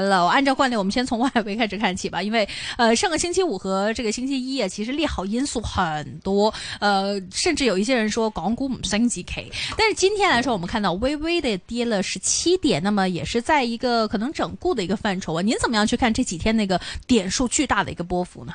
了，按照慣例，我們先從外圍開始看起吧，因為，呃，上個星期五和這個星期一啊，其實利好因素很多，呃，甚至有一些人說港股五升級 K，但是今天來說，我們看到微微的跌了十七點，那麼也是在一個可能整固的一個範疇啊。您怎麼樣去看這幾天那個點數巨大的一個波幅呢？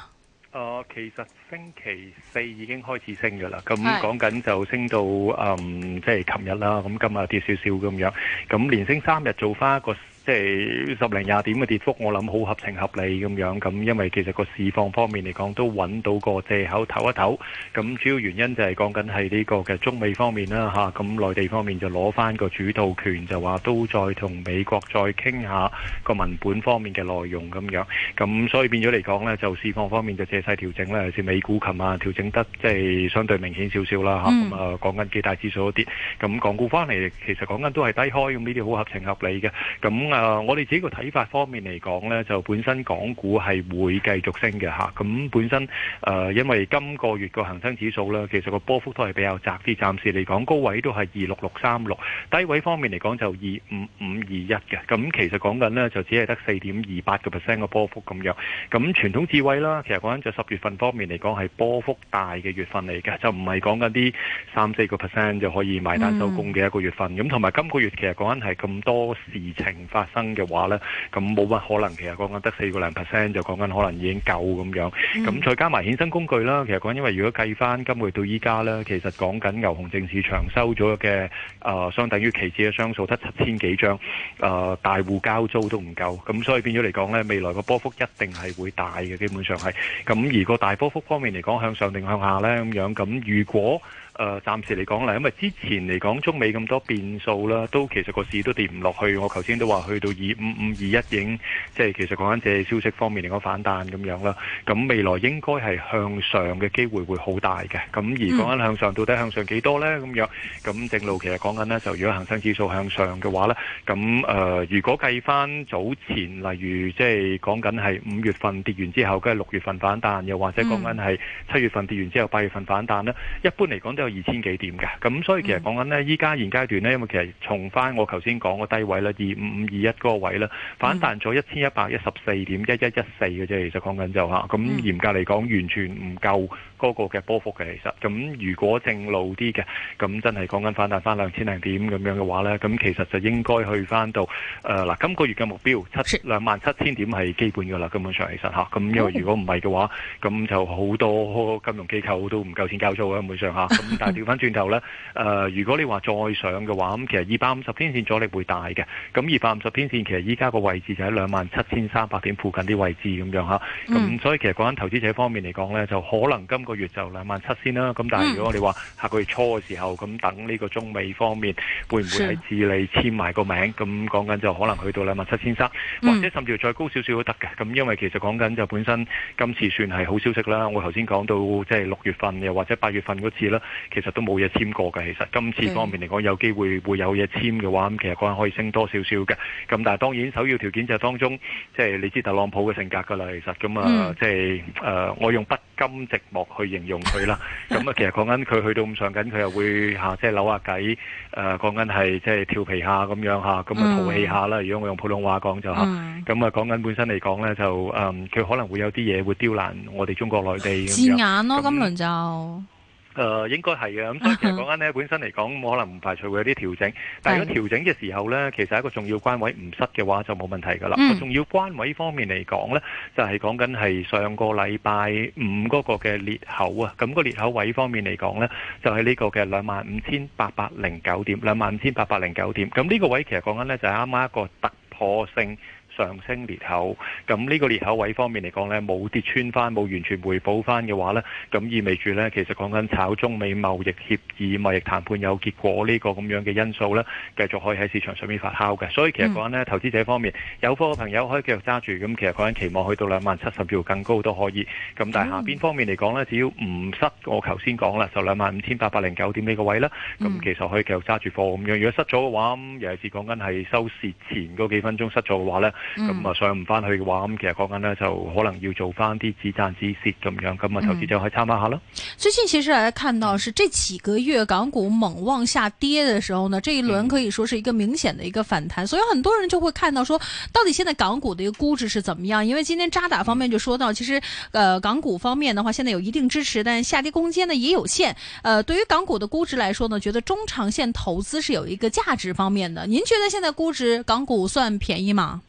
呃，其實星期四已經開始升㗎喇，咁、嗯、講緊就升到嗯，即係琴日啦，咁、嗯、今日跌少少咁樣，咁、嗯、連升三日做翻一個。即係十零廿點嘅跌幅，我諗好合情合理咁樣咁，因為其實個市況方面嚟講都搵到個借口唞一唞。咁主要原因就係講緊係呢個嘅中美方面啦吓，咁內地方面就攞翻個主導權就話都，都再同美國再傾下個文本方面嘅內容咁樣。咁所以變咗嚟講呢，就市況方面就借勢調整啦，似美股琴晚調整得即係相對明顯少少啦吓。咁、嗯、啊，講緊幾大指數一啲，咁港股翻嚟其實講緊都係低開咁呢啲好合情合理嘅。咁啊。啊，我哋自己個睇法方面嚟講呢，就本身港股係會繼續升嘅吓。咁本身誒，因為今個月個恒生指數呢，其實個波幅都係比較窄啲。暫時嚟講，高位都係二六六三六，低位方面嚟講就二五五二一嘅。咁其實講緊呢，就只係得四點二八個 percent 個波幅咁樣。咁傳統智慧啦，其實講緊就十月份方面嚟講係波幅大嘅月份嚟嘅，就唔係講緊啲三四個 percent 就可以埋單收工嘅一個月份。咁同埋今個月其實講緊係咁多事情發。發生嘅話咧，咁冇乜可能。其實講緊得四個零 percent 就講緊可能已經夠咁樣。咁再加埋衍生工具啦。其實講因為如果計翻今個月到依家咧，其實講緊牛熊證市場收咗嘅誒，相等於期指嘅張數得七千幾張，誒，大戶交租都唔夠。咁所以變咗嚟講咧，未來個波幅一定係會大嘅，基本上係。咁而個大波幅方面嚟講，向上定向下咧咁樣。咁如果誒，暫時嚟講啦，因為之前嚟講中美咁多變數啦，都其實個市都跌唔落去。我頭先都話去到二五五二一已經，即係其實講緊借消息方面嚟講反彈咁樣啦。咁未來應該係向上嘅機會會好大嘅。咁而講緊向上到底向上幾多呢？咁樣咁正路其實講緊呢，就如果恆生指數向上嘅話呢，咁誒，如果計返早前，例如即係講緊係五月份跌完之後，跟住六月份反彈，又或者講緊係七月份跌完之後八月份反彈呢，一般嚟講都有。二千幾點嘅，咁所以其實講緊咧，依家現階段咧，因為其實重返我頭先講個低位咧，二五五二一嗰個位咧，反彈咗一千一百一十四點一一一四嘅啫，其實講緊就嚇，咁嚴格嚟講完全唔夠嗰個嘅波幅嘅，其實，咁如果正路啲嘅，咁真係講緊反彈翻兩千零點咁樣嘅話咧，咁其實就應該去翻到，誒嗱，今個月嘅目標七兩萬七千點係基本噶啦，根本上其實嚇，咁因為如果唔係嘅話，咁就好多金融機構都唔夠錢交租嘅，根本上嚇。但係掉翻轉頭咧，誒、呃，如果你話再上嘅話，咁其實二百五十天線阻力會大嘅。咁二百五十天線其實依家個位置就喺兩萬七千三百點附近啲位置咁樣嚇。咁、嗯、所以其實講緊投資者方面嚟講咧，就可能今個月就兩萬七千啦。咁但係如果你話下個月初嘅時候，咁等呢個中美方面會唔會係智利簽埋個名，咁講緊就可能去到兩萬七千三，或者甚至再高少少都得嘅。咁因為其實講緊就本身今次算係好消息啦。我頭先講到即係六月份又或者八月份嗰次啦。其實都冇嘢簽過嘅，其實今次方面嚟講有機會會有嘢簽嘅話，咁其實嗰陣可以升多少少嘅。咁但係當然首要條件就係當中，即係你知特朗普嘅性格噶啦，其實咁啊，即係誒，我用不甘寂寞去形容佢啦。咁 啊，其實講緊佢去到咁上緊，佢又會吓即係扭下計，誒、啊，講緊係即係調皮下咁樣吓，咁啊淘氣下啦。如果我用普通話講就吓，咁啊講緊本身嚟講咧就誒，佢、嗯、可能會有啲嘢會刁難我哋中國內地眼咯，樣今輪就。誒、呃、應該係嘅，咁、嗯、所以其實講緊呢，本身嚟講、嗯嗯，可能唔排除會有啲調整。但係如果調整嘅時候呢，其實一個重要關位唔失嘅話，就冇問題㗎啦、嗯。重要關位方面嚟講呢，就係、是、講緊係上個禮拜五嗰個嘅裂口啊。咁、那個裂口位方面嚟講呢，就係、是、呢個嘅兩萬五千八百零九點，兩萬五千八百零九點。咁呢個位其實講緊呢，就係啱啱一個突破性上升裂口，咁呢個裂口位方面嚟講呢，冇跌穿翻，冇完全回補翻嘅話呢，咁意味住呢。其實講緊炒中美貿易協議貿易談判有結果呢個咁樣嘅因素呢，繼續可以喺市場上面發酵嘅。所以其實講緊、嗯，投資者方面有貨嘅朋友可以繼續揸住，咁其實講緊期望去到兩萬七十票更高都可以。咁但係下邊方面嚟講呢，只要唔失我頭先講啦，就兩萬五千八百零九點呢個位啦。咁其實可以繼續揸住貨咁樣。如果失咗嘅話，咁尤其係講緊係收市前嗰幾分鐘失咗嘅話呢。咁、嗯、啊、嗯嗯、上唔翻去嘅話，咁其實講緊呢，就可能要做翻啲止賺止蝕咁樣，咁啊投資者可以參考下啦。最近其實看到是這幾個月港股猛往下跌的時候呢，這一輪可以說是一個明顯的一個反彈，嗯、所以很多人就會看到說，到底現在港股的一個估值是怎麼樣？因為今天渣打方面就說到，其實呃，呃港股方面的話，現在有一定支持，但下跌空間呢也有限。呃，對於港股的估值來說呢，覺得中長線投資是有一個價值方面的。您覺得現在估值港股算便宜嗎？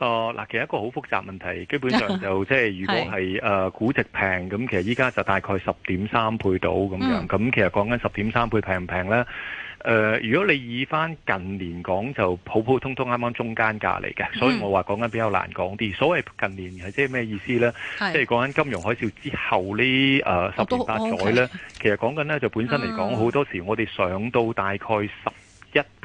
哦，嗱，其實一個好複雜問題，基本上就即係如果係誒估值平，咁其實依家就大概十點三倍到咁、嗯、樣，咁其實講緊十點三倍平唔平呢？誒、呃，如果你以返近年講就普普通通啱啱中間價嚟嘅，所以我話講緊比較難講啲、嗯。所謂近年係即係咩意思呢？即係講緊金融海嘯之後呢誒十年八載呢。其實講緊呢，就本身嚟講好多時我哋上到大概十。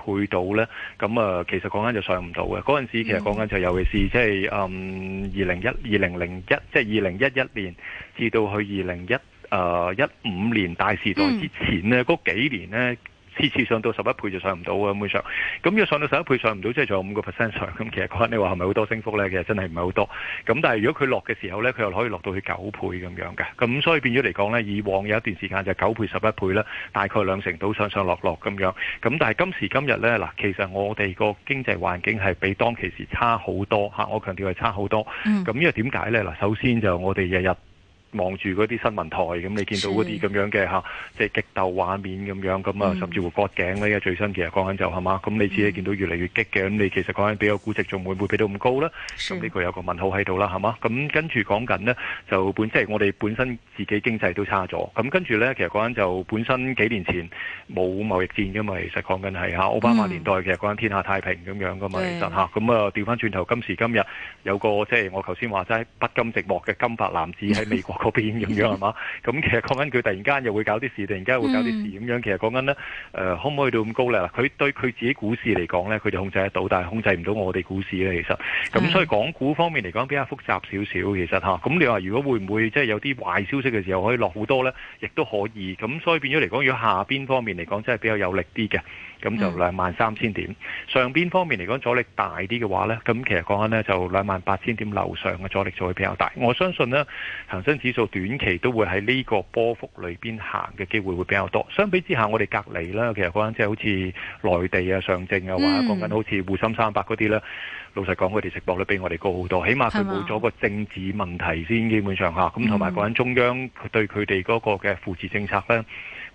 配到呢咁啊、嗯，其實講緊就上唔到嘅。嗰陣時其實講緊就，尤其是、嗯、2001, 2001，即係嗯二零一二零零一，即係二零一一年至到去二零一誒一五年大時代之前呢，嗰幾年呢。次次上到十一倍就上唔到嘅，咁上，咁要上到十一倍上唔到，即係仲有五個 percent 上。咁其實講你話係咪好多升幅呢？其實真係唔係好多。咁但係如果佢落嘅時候呢，佢又可以落到去九倍咁樣嘅。咁所以變咗嚟講呢，以往有一段時間就九倍十一倍啦，大概兩成到上上落落咁樣。咁但係今時今日呢，嗱，其實我哋個經濟環境係比當其時差好多吓，我強調係差好多。咁、嗯、因為點解呢？嗱，首先就我哋日日。望住嗰啲新聞台，咁你見到嗰啲咁樣嘅嚇，即係激鬥畫面咁樣，咁啊，甚至乎割頸咧，依家最新其實講緊就係嘛，咁你自己見到越嚟越激嘅，咁你其實講緊比較估值仲會唔會俾到咁高咧？咁呢個有個問號喺度啦，係嘛？咁跟住講緊咧，就本身我哋本身自己經濟都差咗，咁跟住咧，其實講緊就本身幾年前冇貿易戰噶嘛，其實講緊係嚇奧巴馬年代其實嗰陣天下太平咁樣噶嘛，嚇咁啊調翻轉頭今時今日有個即係我頭先話齋不甘寂寞嘅金髮男子喺美國。嗰邊咁樣係嘛？咁 其實講緊佢突然間又會搞啲事，突然間又會搞啲事咁、嗯、樣。其實講緊呢，誒、呃、可唔可以到咁高呢？佢對佢自己股市嚟講呢，佢就控制得到，但係控制唔到我哋股市呢。其實咁，所以港股方面嚟講比較複雜少少。其實嚇，咁、啊、你話如果會唔會即係、就是、有啲壞消息嘅時候可以落好多呢？亦都可以。咁所以變咗嚟講，如果下邊方面嚟講，真係比較有力啲嘅。咁就兩萬三千點。嗯，上邊方面嚟講阻力大啲嘅話呢，咁其實講緊呢就兩萬八千點樓上嘅阻力就會比較大。我相信呢恒生指數短期都會喺呢個波幅裏邊行嘅機會會比較多。相比之下，我哋隔離呢其實講緊即係好似內地啊、上證啊，或者講緊好似滬深三百嗰啲呢。老實講，佢哋市盈率都比我哋高好多，起碼佢冇咗個政治問題先，基本上下咁同埋講緊中央對佢哋嗰個嘅扶持政策呢。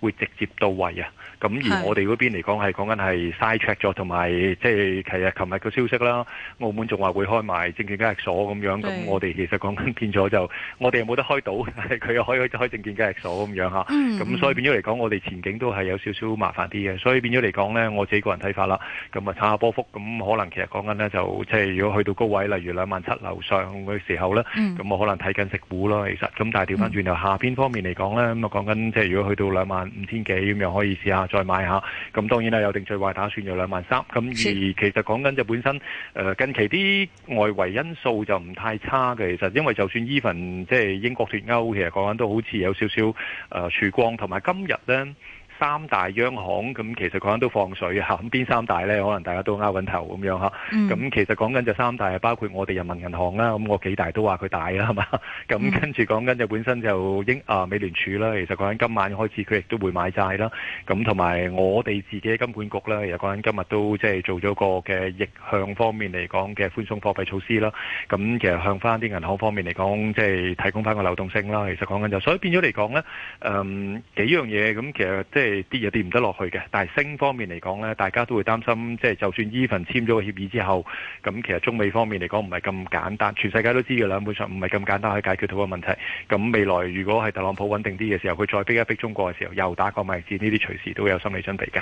會直接到位啊！咁而我哋嗰邊嚟講係講緊係曬 check 咗，同埋即係其實琴日嘅消息啦。澳門仲話會開埋證券交易所咁樣，咁我哋其實講緊變咗就我哋又冇得開到，佢又可以開證券交易所咁樣嚇。咁、嗯、所以變咗嚟講，我哋前景都係有少少麻煩啲嘅。所以變咗嚟講呢，我自己個人睇法啦。咁啊，炒下波幅咁可能其實講緊呢，就即係如果去到高位，例如兩萬七樓上嘅時候呢，咁、嗯、我可能睇緊食股咯。其實咁但係調翻轉頭、嗯、下邊方面嚟講呢，咁啊講緊即係如果去到兩萬五千幾咁樣可以試下再買下，咁當然啦，有定最壞打算，有兩萬三咁。而其實講緊就本身誒、呃、近期啲外圍因素就唔太差嘅，其實因為就算 even，即係英國脱歐，其實講緊都好似有少少誒、呃、曙光，同埋今日呢。三大央行咁其實講緊都放水嚇，咁邊三大咧？可能大家都拗緊頭咁樣嚇。咁其實講緊就三大係包括我哋人民銀行啦，咁我幾大都話佢大啦，係嘛？咁跟住講緊就本身就英啊美聯儲啦，其實講緊今晚開始佢亦都會買債啦。咁同埋我哋自己金管局啦，其實講緊今日都即係做咗個嘅逆向方面嚟講嘅寬鬆貨幣措施啦。咁其實向翻啲銀行方面嚟講，即係提供翻個流動性啦。其實講緊就，所以變咗嚟講咧，嗯幾樣嘢咁，其實即係。啲嘢跌唔得落去嘅，但係升方面嚟講咧，大家都會擔心，即係就算伊凡簽咗個協議之後，咁其實中美方面嚟講唔係咁簡單，全世界都知嘅兩本上唔係咁簡單可以解決到個問題，咁未來如果係特朗普穩定啲嘅時候，佢再逼一逼中國嘅時候，又打個貿易戰呢啲隨時都有心理準備嘅。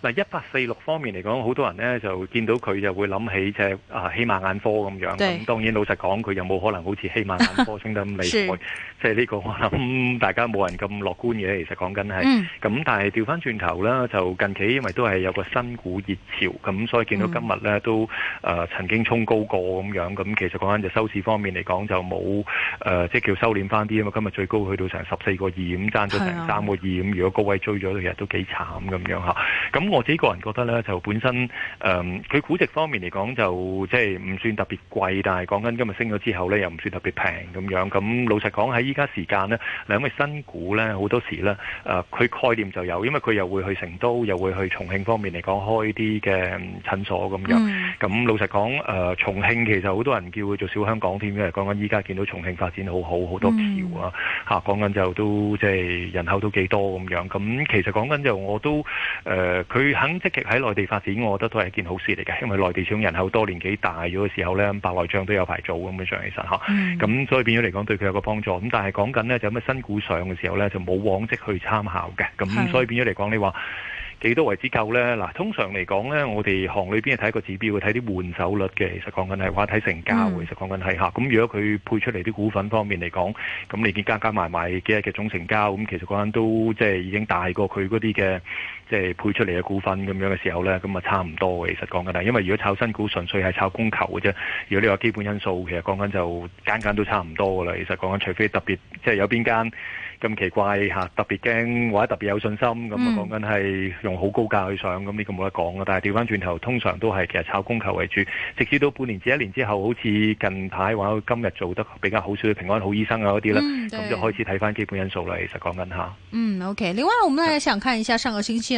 嗱一八四六方面嚟講，好多人咧就見到佢就會諗起即係啊希瑪眼科咁樣，咁當然老實講佢有冇可能好似希瑪眼科升得咁厲害，即係呢個我諗大家冇人咁樂觀嘅。其實講緊係，咁但係調翻轉頭啦，就近期因為都係有個新股熱潮，咁所以見到今日咧都誒曾經衝高過咁樣，咁其實講緊就收市方面嚟講就冇誒即係叫收斂翻啲啊嘛。今日最高去到成十四個二五，爭咗成三個二五。如果高位追咗，其實都幾慘咁樣嚇，咁。我自己個人覺得咧，就本身誒佢估值方面嚟講，就即係唔算特別貴，但係講緊今日升咗之後咧，又唔算特別平咁樣。咁老實講喺依家時間咧，嗱，因為新股咧好多時咧，誒佢概念就有，因為佢又會去成都，又會去重慶方面嚟講開啲嘅診所咁樣。咁老實講，誒重慶其實好多人叫佢做小香港添，因為，講緊依家見到重慶發展好好，好多橋啊，嚇，講緊就都即係人口都幾多咁樣。咁其實講緊就我都誒。佢肯積極喺內地發展，我覺得都係一件好事嚟嘅，因為內地始終人口多，年紀大咗嘅時候呢，白內障都有排做咁樣上其實嚇。咁所以變咗嚟講，對佢有個幫助。咁但係講緊呢，就咩新股上嘅時候呢，就冇往績去參考嘅。咁、嗯、所以變咗嚟講，你話幾多為之夠呢？嗱，通常嚟講呢，我哋行裏邊係睇一個指標，睇啲換手率嘅。其實講緊係話睇成交，其實講緊係嚇。咁、嗯、如果佢配出嚟啲股份方面嚟講，咁你見加加埋埋幾日嘅總成交，咁其實講緊都即係已經大過佢嗰啲嘅。即係配出嚟嘅股份咁樣嘅時候呢，咁啊差唔多嘅。其實講緊啦，因為如果炒新股純粹係炒供求嘅啫。如果你話基本因素，其實講緊就間間都差唔多噶啦。其實講緊，除非特別即係有邊間咁奇怪，特別驚或者特別有信心咁啊，講緊係用好高價去上咁呢、嗯這個冇得講嘅。但係調翻轉頭，通常都係其實炒供求為主。直至到半年至一年之後，好似近排話今日做得比較好少，平安好醫生啊嗰啲咧，咁、嗯、就開始睇翻基本因素啦。其實講緊下，嗯，OK。另外，我哋想看一下上個星期。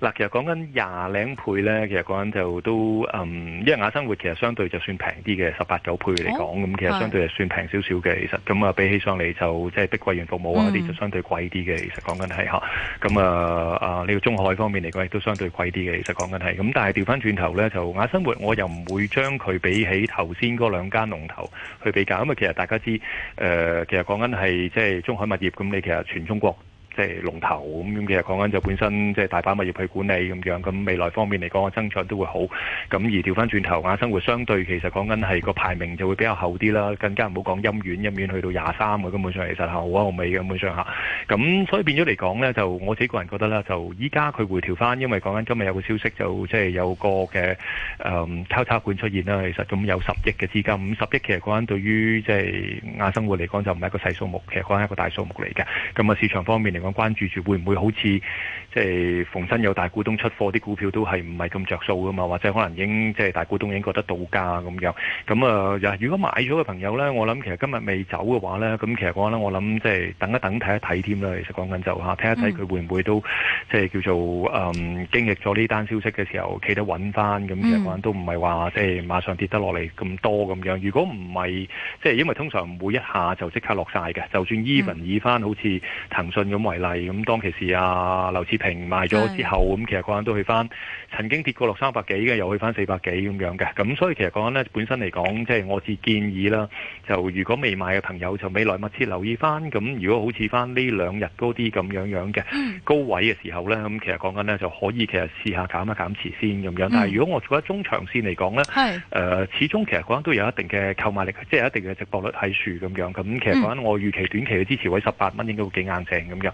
嗱，其實講緊廿零倍咧，其實講緊就都，嗯，因為雅生活其實相對就算平啲嘅十八九倍嚟講，咁、哦、其實相對就算平少少嘅。其實咁啊，比起上嚟就即係碧桂園服務啊啲就相對貴啲嘅、嗯。其實講緊係嚇，咁啊啊呢個中海方面嚟講亦都相對貴啲嘅。其實講緊係，咁但係調翻轉頭咧，就雅生活我又唔會將佢比起頭先嗰兩間龍頭去比較，咁啊，其實大家知，誒、呃，其實講緊係即係中海物業，咁你其實全中國。即係龍頭咁樣嘅，其實講緊就本身即係大把物業去管理咁樣，咁未來方面嚟講，個增長都會好。咁而調翻轉頭，亞生活相對其實講緊係個排名就會比較後啲啦，更加唔好講陰遠，陰遠去到廿三，根本上其實係好啊，後尾嘅根本上下。咁所以變咗嚟講咧，就我自己個人覺得咧，就依家佢回調翻，因為講緊今日有個消息就即係有個嘅誒交叉盤出現啦。其實咁有十億嘅資金，五十億其實講緊對於即係亞生活嚟講就唔係一個細數目，其實講緊一個大數目嚟嘅。咁啊，市場方面嚟。咁關注住會唔會好似即係逢親有大股東出貨，啲股票都係唔係咁着數噶嘛？或者可能已經即係大股東已經覺得到價咁樣。咁啊，如果買咗嘅朋友呢，我諗其實今日未走嘅話呢，咁其實講咧，我諗即係等一等睇一睇添啦。其實講緊就嚇，睇一睇佢會唔會都即係叫做誒經歷咗呢單消息嘅時候企得穩翻。咁其實講都唔係話即係馬上跌得落嚟咁多咁樣。如果唔係即係因為通常唔會一下就即刻落晒嘅，就算 even 以翻、嗯、好似騰訊咁為例，咁當其時啊，劉志平賣咗之後，咁其實講緊都去翻，曾經跌過六三百幾嘅，又去翻四百幾咁樣嘅，咁所以其實講緊呢，本身嚟講，即係我自建議啦，就如果未買嘅朋友，就未來密切留意翻，咁如果好似翻呢兩日嗰啲咁樣樣嘅高位嘅時候呢，咁、嗯、其實講緊呢，就可以，其實試下減一減持先咁樣。但係如果我覺得中長線嚟講呢，誒、呃，始終其實講緊都有一定嘅購買力，即、就、係、是、一定嘅值博率喺樹咁樣。咁其實講緊我預期短期嘅支持位十八蚊應該會幾硬正咁樣。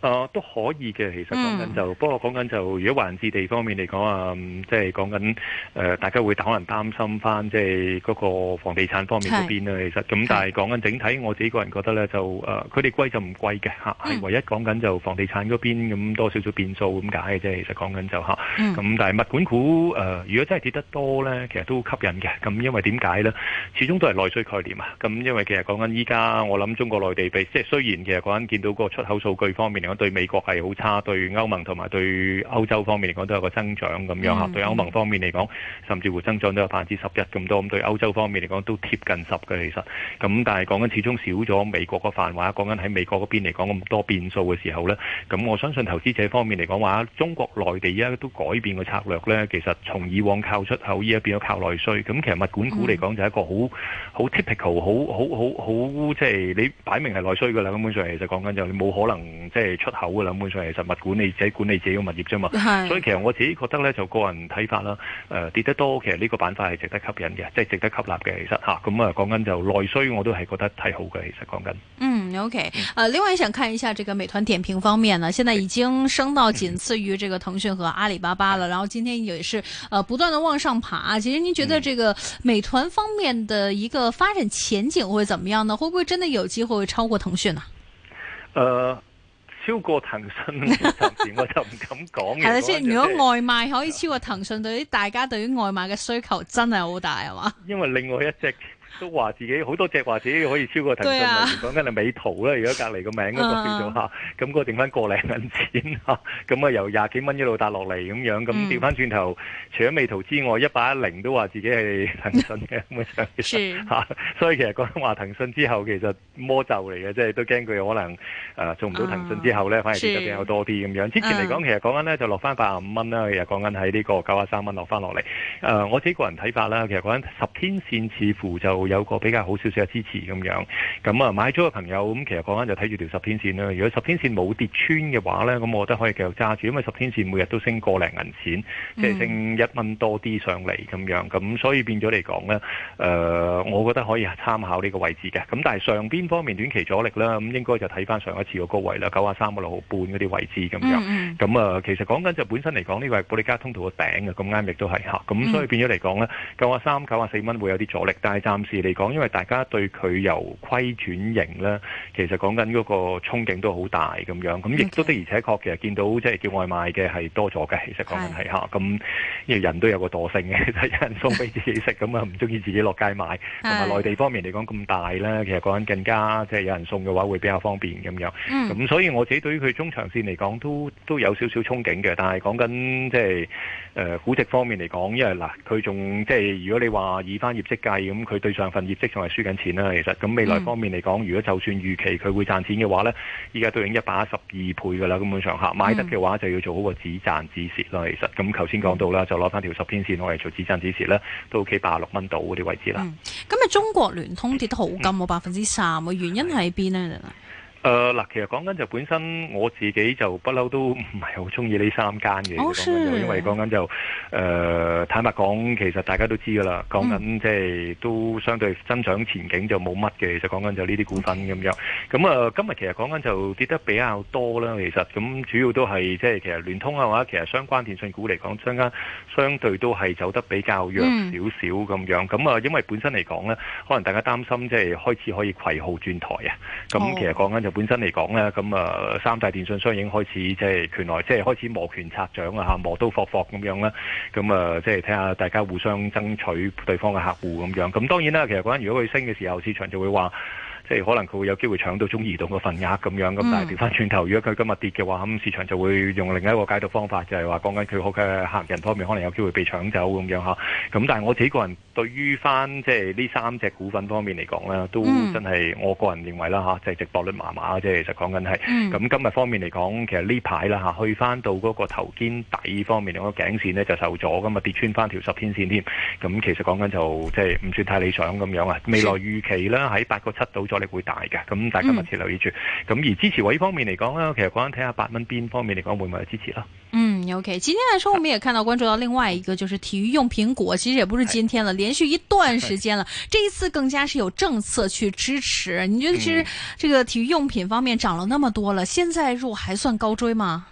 誒都可以嘅，其實講緊就不過講緊就，如果環市地方面嚟講啊，即係講緊誒，大家會可能擔心翻，即係嗰個房地產方面嗰邊啦。其實咁，但係講緊整體，我自己個人覺得咧，就誒佢哋貴就唔貴嘅嚇，係唯一講緊就房地產嗰邊咁多少少變數咁解嘅啫。其實講緊就嚇，咁但係物管股誒，如果真係跌得多咧，其實都好吸引嘅。咁因為點解咧？始終都係內需概念啊。咁因為其實講緊依家我諗中國內地比，即係雖然其實講緊見到嗰個出口數據方面。對美國係好差，對歐盟同埋對歐洲方面嚟講都有個增長咁樣吓、嗯。對歐盟方面嚟講，甚至乎增長都有百分之十一咁多。咁對歐洲方面嚟講都貼近十嘅其實。咁但係講緊始終少咗美國個泛話。講緊喺美國嗰邊嚟講咁多變數嘅時候呢。咁我相信投資者方面嚟講話，中國內地依家都改變個策略呢。其實從以往靠出口依家變咗靠內需。咁其實物管股嚟講就係一個好好 typical 好好好好即係你擺明係內需㗎啦。根本上其實講緊就你冇可能即係。出口嘅，啦，基本上其實物管理者、管理者嘅物業啫嘛，所以其實我自己覺得呢，就個人睇法啦。誒、呃，跌得多，其實呢個板塊係值得吸引嘅，即係值得吸納嘅。其實吓，咁啊，講緊就內需，我都係覺得睇好嘅。其實講緊，嗯，OK，誒、呃，另外想看一下這個美團點評方面呢，現在已經升到僅次於這個騰訊和阿里巴巴了。嗯、然後今天也是誒、呃，不斷的往上爬。其實您覺得這個美團方面的一個發展前景會怎麼樣呢？會不會真的有機會會超過騰訊呢？誒、呃。超過騰訊，暫時我就唔敢講嘅。係 啦，先如果外賣可以超過騰訊， 對於大家對於外賣嘅需求真係好大，係嘛？因為另外一隻。都話自己好多隻話自己可以超過騰訊，講緊係美圖啦。如果隔籬個名嗰個叫做吓，咁、uh, 嗰個剩翻個零銀錢吓，咁啊由廿幾蚊一路跌落嚟咁樣，咁調翻轉頭，除咗美圖之外，一八一零都話自己係騰訊嘅咁嘅上邊吓，所以其實講緊話騰訊之後，其實魔咒嚟嘅，即係都驚佢可能誒、呃、做唔到騰訊之後咧，uh, 反而跌得比較多啲咁樣。之前嚟講、uh,，其實講緊咧就落翻八五蚊啦，其實講緊喺呢個九啊三蚊落翻落嚟。誒，我自己個人睇法啦，其實講緊十天線似乎就。有個比較好少少嘅支持咁樣，咁啊買咗嘅朋友咁，其實講緊就睇住條十天線啦。如果十天線冇跌穿嘅話咧，咁我覺得可以繼續揸住，因為十天線每日都升個零銀錢，即係升一蚊多啲上嚟咁樣，咁所以變咗嚟講咧，誒，我覺得可以參考呢個位置嘅。咁但係上邊方面短期阻力咧，咁應該就睇翻上一次個高位啦，九啊三個六毫半嗰啲位置咁樣。咁啊，其實講緊就本身嚟講，呢個係保利加通道嘅頂嘅，咁啱亦都係嚇。咁所以變咗嚟講咧，九啊三、九啊四蚊會有啲阻力，但係暫。事嚟講，因為大家對佢由虧轉型咧，其實講緊嗰個憧憬都好大咁樣。咁亦都的，而且確其實見到即係、就是、叫外賣嘅係多咗嘅。其實講緊係嚇，咁因為人都有個惰性嘅，即係有人送俾自己食，咁啊唔中意自己落街買。同埋內地方面嚟講咁大咧，其實講緊更加即係、就是、有人送嘅話會比較方便咁樣。咁、嗯、所以我自己對於佢中長線嚟講都都有少少憧憬嘅。但係講緊即係誒估值方面嚟講，因為嗱佢仲即係如果你話以翻業績計咁，佢對。兩份業績仲係輸緊錢啦，其實咁未來方面嚟講，如果就算預期佢會賺錢嘅話呢，依家都已經一百一十二倍噶啦，根本上嚇買得嘅話就要做好個止賺止蝕啦。其實咁頭先講到啦、嗯，就攞翻條十天線我嚟做止賺止蝕咧，都 OK，八六蚊度嗰啲位置啦。咁、嗯、啊，中國聯通跌得好勁喎，百分之三喎，原因喺邊呢？誒嗱，其實講緊就本身我自己就不嬲都唔係好鍾意呢三間嘅，因為講緊就誒坦白講，其實大家都知㗎喇，講緊即係都相對增長前景就冇乜嘅。其實講緊就呢啲股份咁樣。咁啊，今日其實講緊就跌得比較多啦。其實咁主要都係即係其實聯通嘅話，其實相關電信股嚟講，相較相對都係走得比較弱少少咁樣。咁啊，因為本身嚟講咧，可能大家擔心即係開始可以攜號轉台啊。咁其實講緊就。本身嚟講呢，咁啊，三大電信商已經開始即係權來，即係開始磨拳擦掌啊，嚇磨刀霍霍咁樣啦。咁啊，即係睇下大家互相爭取對方嘅客戶咁樣。咁當然啦，其實嗰陣如果佢升嘅時候，市場就會話。即係可能佢會有機會搶到中移動嘅份額咁樣，咁、嗯、但係調翻轉頭，如果佢今日跌嘅話，咁市場就會用另一個解讀方法，就係話講緊佢好嘅客人方面可能有機會被搶走咁樣嚇。咁但係我自己個人對於翻即係呢三隻股份方面嚟講咧，都真係我個人認為啦嚇，即、就、係、是、值博率麻麻即啫。其實講緊係咁今日方面嚟講，其實呢排啦嚇，去翻到嗰個頭肩底方面，嗰個頸線咧就受阻噶嘛，跌穿翻條十天線添。咁其實講緊就即係唔算太理想咁樣啊。未來預期咧喺八個七度。力、嗯、會大嘅，咁大家密切留意住。咁而支持位方面嚟講呢，其實講緊睇下八蚊邊方面嚟講會唔會支持咯。嗯，OK，今天來說，我們也看到關注到另外一個，就是體育用品股，其實也不是今天了，連續一段時間了。這一次更加是有政策去支持。你覺得其實這個體育用品方面漲了那麼多了，現在入還算高追嗎？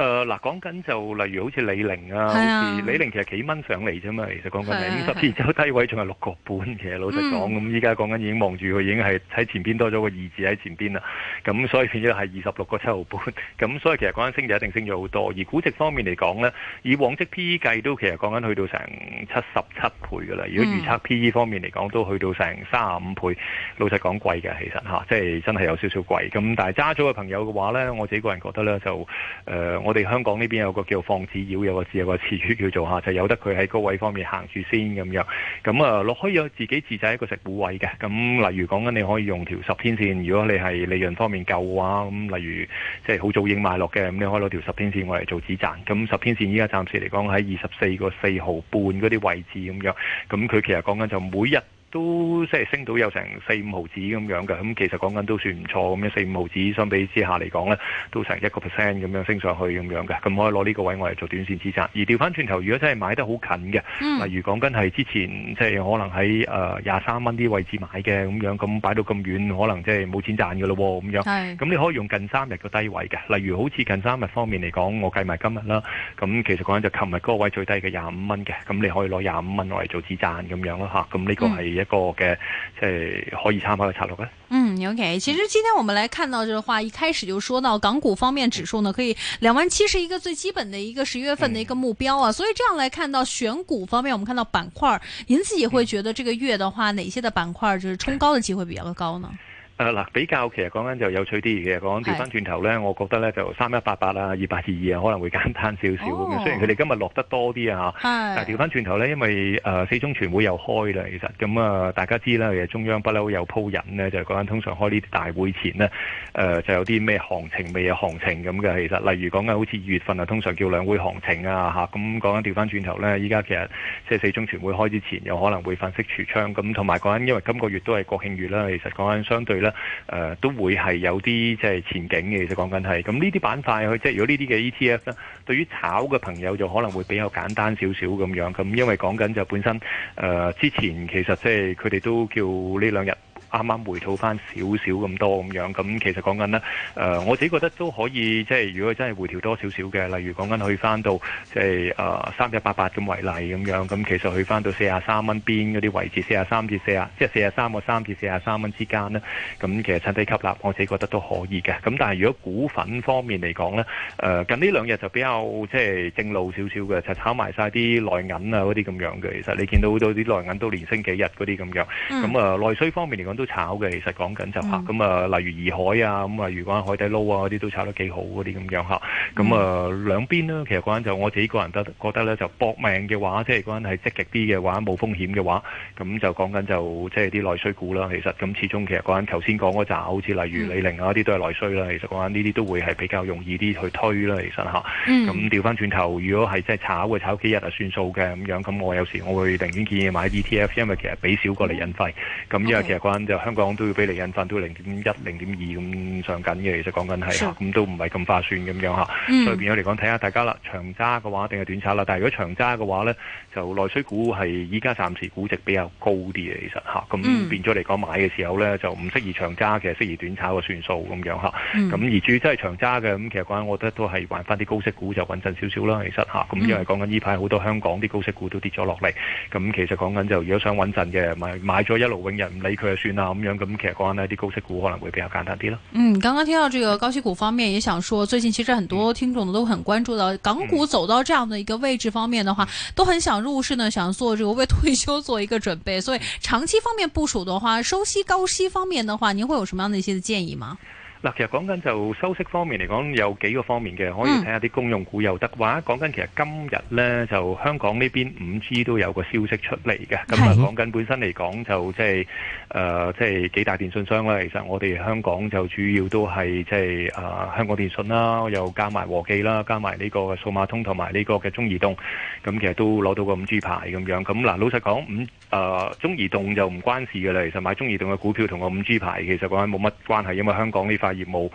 誒、呃、嗱，講緊就例如好似李寧啊，啊，好似李寧其實幾蚊上嚟啫嘛，其實講緊係五十周低位仲係六個半嘅，老實講咁。依家講緊已經望住佢已經係喺前邊多咗個二字喺前邊啦，咁所以變咗係二十六個七毫半。咁所以其實講緊升就一定升咗好多。而估值方面嚟講咧，以往績 P E 計都其實講緊去到成七十七倍㗎啦。如果預測 P E 方面嚟講都去到成三十五倍，老實講貴嘅其實嚇、啊，即係真係有少少貴。咁但係揸咗嘅朋友嘅話咧，我自己個人覺得咧就誒、呃我哋香港呢邊有個叫放子妖，有個字，有個詞語叫做嚇，就是、由得佢喺高位方面行住先咁樣。咁啊落開有自己自製一個止蝕位嘅。咁例如講緊你可以用條十天線，如果你係利潤方面夠嘅話，咁例如即係好早已經買落嘅，咁你可以攞條十天線嚟做止賺。咁十天線依家暫時嚟講喺二十四個四毫半嗰啲位置咁樣。咁佢其實講緊就每日。都即係升到有成四五毫子咁樣嘅，咁、嗯、其實講緊都算唔錯咁樣，四五毫子相比之下嚟講咧，都成一個 percent 咁樣升上去咁樣嘅，咁、嗯、可以攞呢個位我嚟做短線止賺。而調翻轉頭，如果真係買得好近嘅，例如講緊係之前即係可能喺誒廿三蚊啲位置買嘅咁樣，咁擺到咁遠，可能即係冇錢賺嘅咯喎咁樣係。咁你可以用近三日嘅低位嘅，例如好似近三日方面嚟講，我計埋今日啦，咁、嗯、其實講緊就琴日嗰個位最低嘅廿五蚊嘅，咁你可以攞廿五蚊我嚟做止賺咁樣咯嚇，咁呢一個嘅即係可以參考嘅策略咧。嗯，OK，其實今天我們來看到嘅話、嗯，一開始就說到港股方面指數呢，可以兩萬七是一個最基本的一個十月份的一個目標啊。所以這樣來看到選股方面，嗯、我們看到板塊，您自己會覺得這個月的話、嗯，哪些的板塊就是衝高的機會比較高呢？嗯嗯嗱、啊，比較其實講緊就有趣啲嘅，講緊調翻轉頭咧，我覺得咧就三一八八啊，二八二二啊，可能會簡單少少咁。雖然佢哋今日落得多啲啊，但調調翻轉頭咧，因為誒、呃、四中全會又開啦，其實咁啊，大家知啦，其實中央不嬲又鋪引咧，就講、是、緊通常開呢啲大會前咧，誒、呃、就有啲咩行情咩行情咁嘅。其實例如講緊好似二月份啊，通常叫兩會行情啊嚇。咁講緊調翻轉頭咧，依家其實即係四中全會開之前，又可能會粉飾櫥窗咁，同埋講緊因為今個月都係國慶月啦，其實講緊相對咧。誒、呃，都會係有啲即係前景嘅，其實講緊係咁呢啲板塊去即係如果呢啲嘅 ETF 咧，對於炒嘅朋友就可能會比較簡單少少咁樣，咁因為講緊就本身誒、呃、之前其實即係佢哋都叫呢兩日。啱啱回吐翻少少咁多咁樣，咁其實講緊咧，誒我自己覺得都可以，即係如果真係回調多少少嘅，例如講緊去翻到即係誒三一八八咁為例咁樣，咁其實去翻到四十三蚊邊嗰啲位置，四十三至四十，即係四十三個三至四十三蚊之間呢。咁其實趁低吸納，我自己覺得都可以嘅。咁、就是呃、但係如果股份方面嚟講呢，誒、呃、近呢兩日就比較即係正路少少嘅，就炒埋晒啲內銀啊嗰啲咁樣嘅。其實你見到好多啲內銀都連升幾日嗰啲咁樣，咁啊內需方面嚟講。都炒嘅，其實講緊就嚇、是，咁、嗯、啊，例如怡海啊，咁啊，如果海底撈啊嗰啲都炒得幾好嗰啲咁樣嚇，咁、嗯、啊兩邊呢、啊，其實講緊就我自己個人都覺得咧，就搏命嘅話，即係講緊係積極啲嘅話，冇風險嘅話，咁就講緊就即係啲內需股啦。其實咁始終其實講緊頭先講嗰扎，好似例如李寧啊啲都係內需啦。嗯、其實講緊呢啲都會係比較容易啲去推啦。其實吓，咁調返轉頭，如果係即係炒，會炒幾日就算數嘅咁樣，咁我有時我會寧願建議買 ETF，因為其實俾少過嚟引費，咁、嗯、因為、okay. 其實講。香港都要俾你引份，都零點一、零點二咁上緊嘅，其實講緊係咁都唔係咁劃算咁樣嚇。所以變咗嚟講，睇下大家啦，長揸嘅話定係短炒啦。但係如果長揸嘅話咧，就內需股係依家暫時估值比較高啲嘅，其實嚇。咁變咗嚟講，買嘅時候咧就唔適宜長揸，其實適宜短炒嘅算數咁樣嚇。咁、mm. 而至於真係長揸嘅咁，其實講緊，我覺得都係玩翻啲高息股就穩陣少少啦。其實嚇，咁、mm. 因為講緊呢排好多香港啲高息股都跌咗落嚟，咁其實講緊就如果想穩陣嘅買咗一路永日唔理佢就算啊咁樣咁，其實講呢啲高息股可能會比較簡單啲咯。嗯，剛剛聽到這個高息股方面，也想說，最近其實很多聽眾都很關注到港股走到這樣的一個位置方面的話，都很想入市呢，想做這個為退休做一個準備。所以長期方面部署的話，收息高息方面的話，您會有什麼樣的一些建議嗎？嗱，其實講緊就收息方面嚟講，有幾個方面嘅，可以睇下啲公用股又得，話講緊其實今日咧，就香港呢邊五 G 都有個消息出嚟嘅。咁啊，講緊本身嚟講，就即係誒，即係幾大電信商啦。其實我哋香港就主要都係即係誒，香港電訊啦，又加埋和記啦，加埋呢個數碼通同埋呢個嘅中移動。咁其實都攞到個五 G 牌咁樣。咁嗱，老實講，五誒中移動就唔關事嘅啦。其實買中移動嘅股票同個五 G 牌，其實講緊冇乜關係，因為香港呢塊。業務。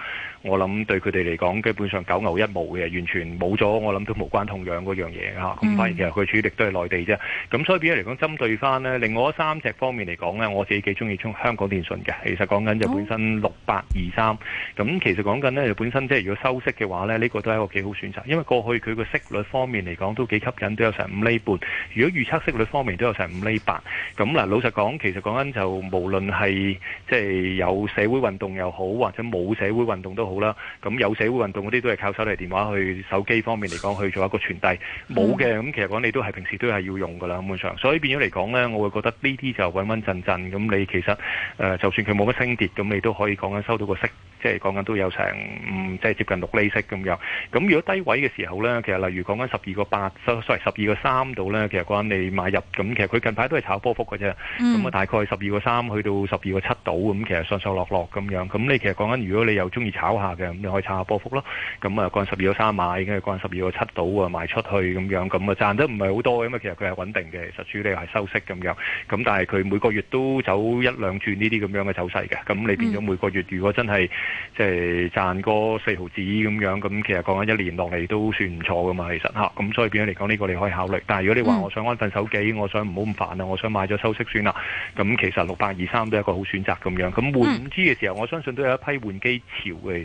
我諗對佢哋嚟講，基本上九牛一毛嘅，完全冇咗。我諗都無關痛癢嗰樣嘢嚇。咁反而其實佢主力都係內地啫。咁所以變咗嚟講，針對翻呢另外三隻方面嚟講呢，我自己幾中意沖香港電訊嘅。其實講緊就本身六八二三。咁其實講緊呢，就本身即係如果收息嘅話呢，呢、呢個都係一個幾好選擇，因為過去佢個息率方面嚟講都幾吸引，都有成五厘半。如果預測息率方面都有成五厘八。咁嗱，老實講，其實講緊就無論係即係有社會運動又好，或者冇社會運動都好。啦，咁有社會運動嗰啲都係靠手提電話去手機方面嚟講去做一個傳遞，冇嘅，咁其實講你都係平時都係要用噶啦，基本上，所以變咗嚟講咧，我會覺得呢啲就穩穩陣陣，咁你其實誒就算佢冇乜升跌，咁你都可以講緊收到個息，即係講緊都有成即係接近六厘息咁樣。咁如果低位嘅時候咧，其實例如講緊十二個八收收嚟十二個三度咧，其實講緊你買入，咁其實佢近排都係炒波幅㗎啫，咁啊大概十二個三去到十二個七度咁，其實上上落落咁樣，咁你其實講緊如果你又中意炒下。嘅咁你可以炒下波幅咯，咁啊，嗰陣十二個三買，跟住嗰陣十二個七到啊賣出去咁樣，咁啊賺得唔係好多嘅，因為其實佢係穩定嘅，其實主力係收息咁樣，咁但係佢每個月都走一兩轉呢啲咁樣嘅走勢嘅，咁你變咗每個月如果真係即係賺個四毫紙咁樣，咁其實講緊一年落嚟都算唔錯噶嘛，其實嚇，咁所以變咗嚟講呢個你可以考慮，但係如果你話我想安份守己，我想唔好咁煩啊，我想買咗收息算啦，咁其實六百二三都係一個好選擇咁樣，咁換五 G 嘅時候，我相信都有一批換機潮嘅。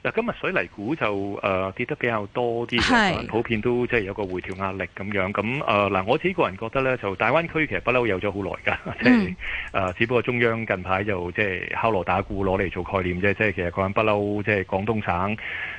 嗱，今日水泥股就誒、呃、跌得比較多啲，普遍都即係有個回調壓力咁樣。咁誒嗱，我自己個人覺得咧，就大灣區其實不嬲有咗好耐㗎，即係誒，只不過中央近排就即係、就是、敲鑼打鼓攞嚟做概念啫，即、就、係、是、其實佢講緊不嬲即係廣東省。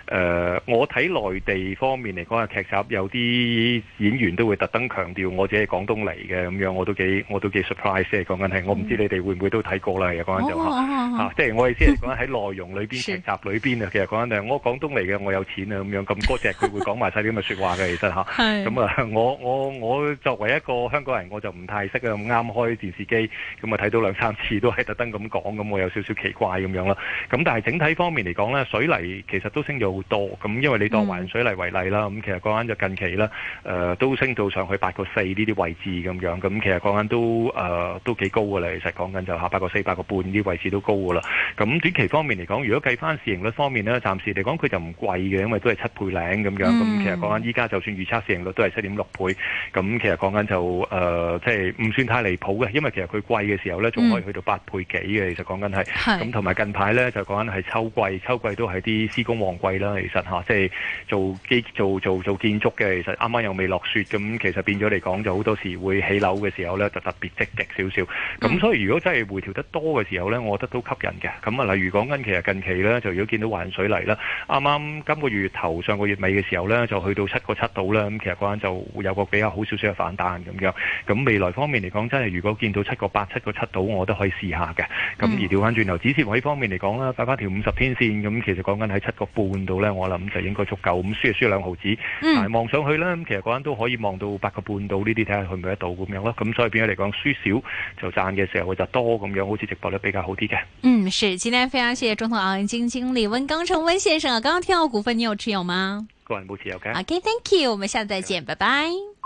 誒，我睇內地方面嚟講，劇集有啲演員都會特登強調我自己係廣東嚟嘅，咁樣我都幾我都幾 surprise 嘅。講緊係，我唔知你哋會唔會都睇過啦？又講緊就嚇，即係我意思係講緊喺內容裏邊劇集裏邊啊，其實講緊就係我廣東嚟嘅，我有錢啊咁樣。咁嗰隻佢會講埋曬啲咁嘅説話嘅，其實嚇。係。咁啊，我我我作為一個香港人，我就唔太識咁啱開電視機，咁啊睇到兩三次都係特登咁講，咁我有少少奇怪咁樣啦。咁但係整體方面嚟講咧，水泥其實都升咗。多咁，因為你當環水嚟為例啦，咁其實講緊就近期啦，誒都升到上去八個四呢啲位置咁樣，咁其實講緊都誒都幾高噶啦。其實講緊就下八個四、八個半呢啲位置都高噶啦。咁短期方面嚟講，如果計返市盈率方面呢，暫時嚟講佢就唔貴嘅，因為都係七倍零咁樣。咁其實講緊依家就算預測市盈率都係七點六倍，咁其實講緊就誒即係唔算太離譜嘅，因為其實佢貴嘅時候呢仲可以去到八倍幾嘅。其實講緊係咁，同埋近排呢就講緊係秋季，秋季都係啲施工旺季啦。其實吓、啊，即係做基做做做建築嘅，其實啱啱又未落雪，咁其實變咗嚟講，就好多時會起樓嘅時候呢，就特別積極少少。咁所以如果真係回調得多嘅時候呢，我覺得都吸引嘅。咁啊，例如講緊其實近期呢，就如果見到華潤水泥啦，啱啱今個月頭上個月尾嘅時候呢，就去到七個七度啦。咁其實嗰陣就有個比較好少少嘅反彈咁樣。咁未來方面嚟講，真係如果見到七個八、七個七度，我都可以試下嘅。咁而調翻轉頭，止蝕位方面嚟講啦，擺翻條五十天線咁，其實講緊喺七個半度。嗯、我諗就應該足夠。咁輸就輸，就輸兩毫子，但係望上去咧，咁其實嗰晚都可以望到八個半這些看看到呢啲，睇下去唔去得到咁樣咯。咁所以變咗嚟講，輸少就賺嘅時候就多咁樣，好似直播得比較好啲嘅。嗯，是，今天非常謝謝中投傲鋒經，經理溫鋼城溫先生啊。剛剛聽到股份你有持有嗎？個人冇持有嘅。OK，thank、okay, you，我們下次再見，拜、yeah. 拜。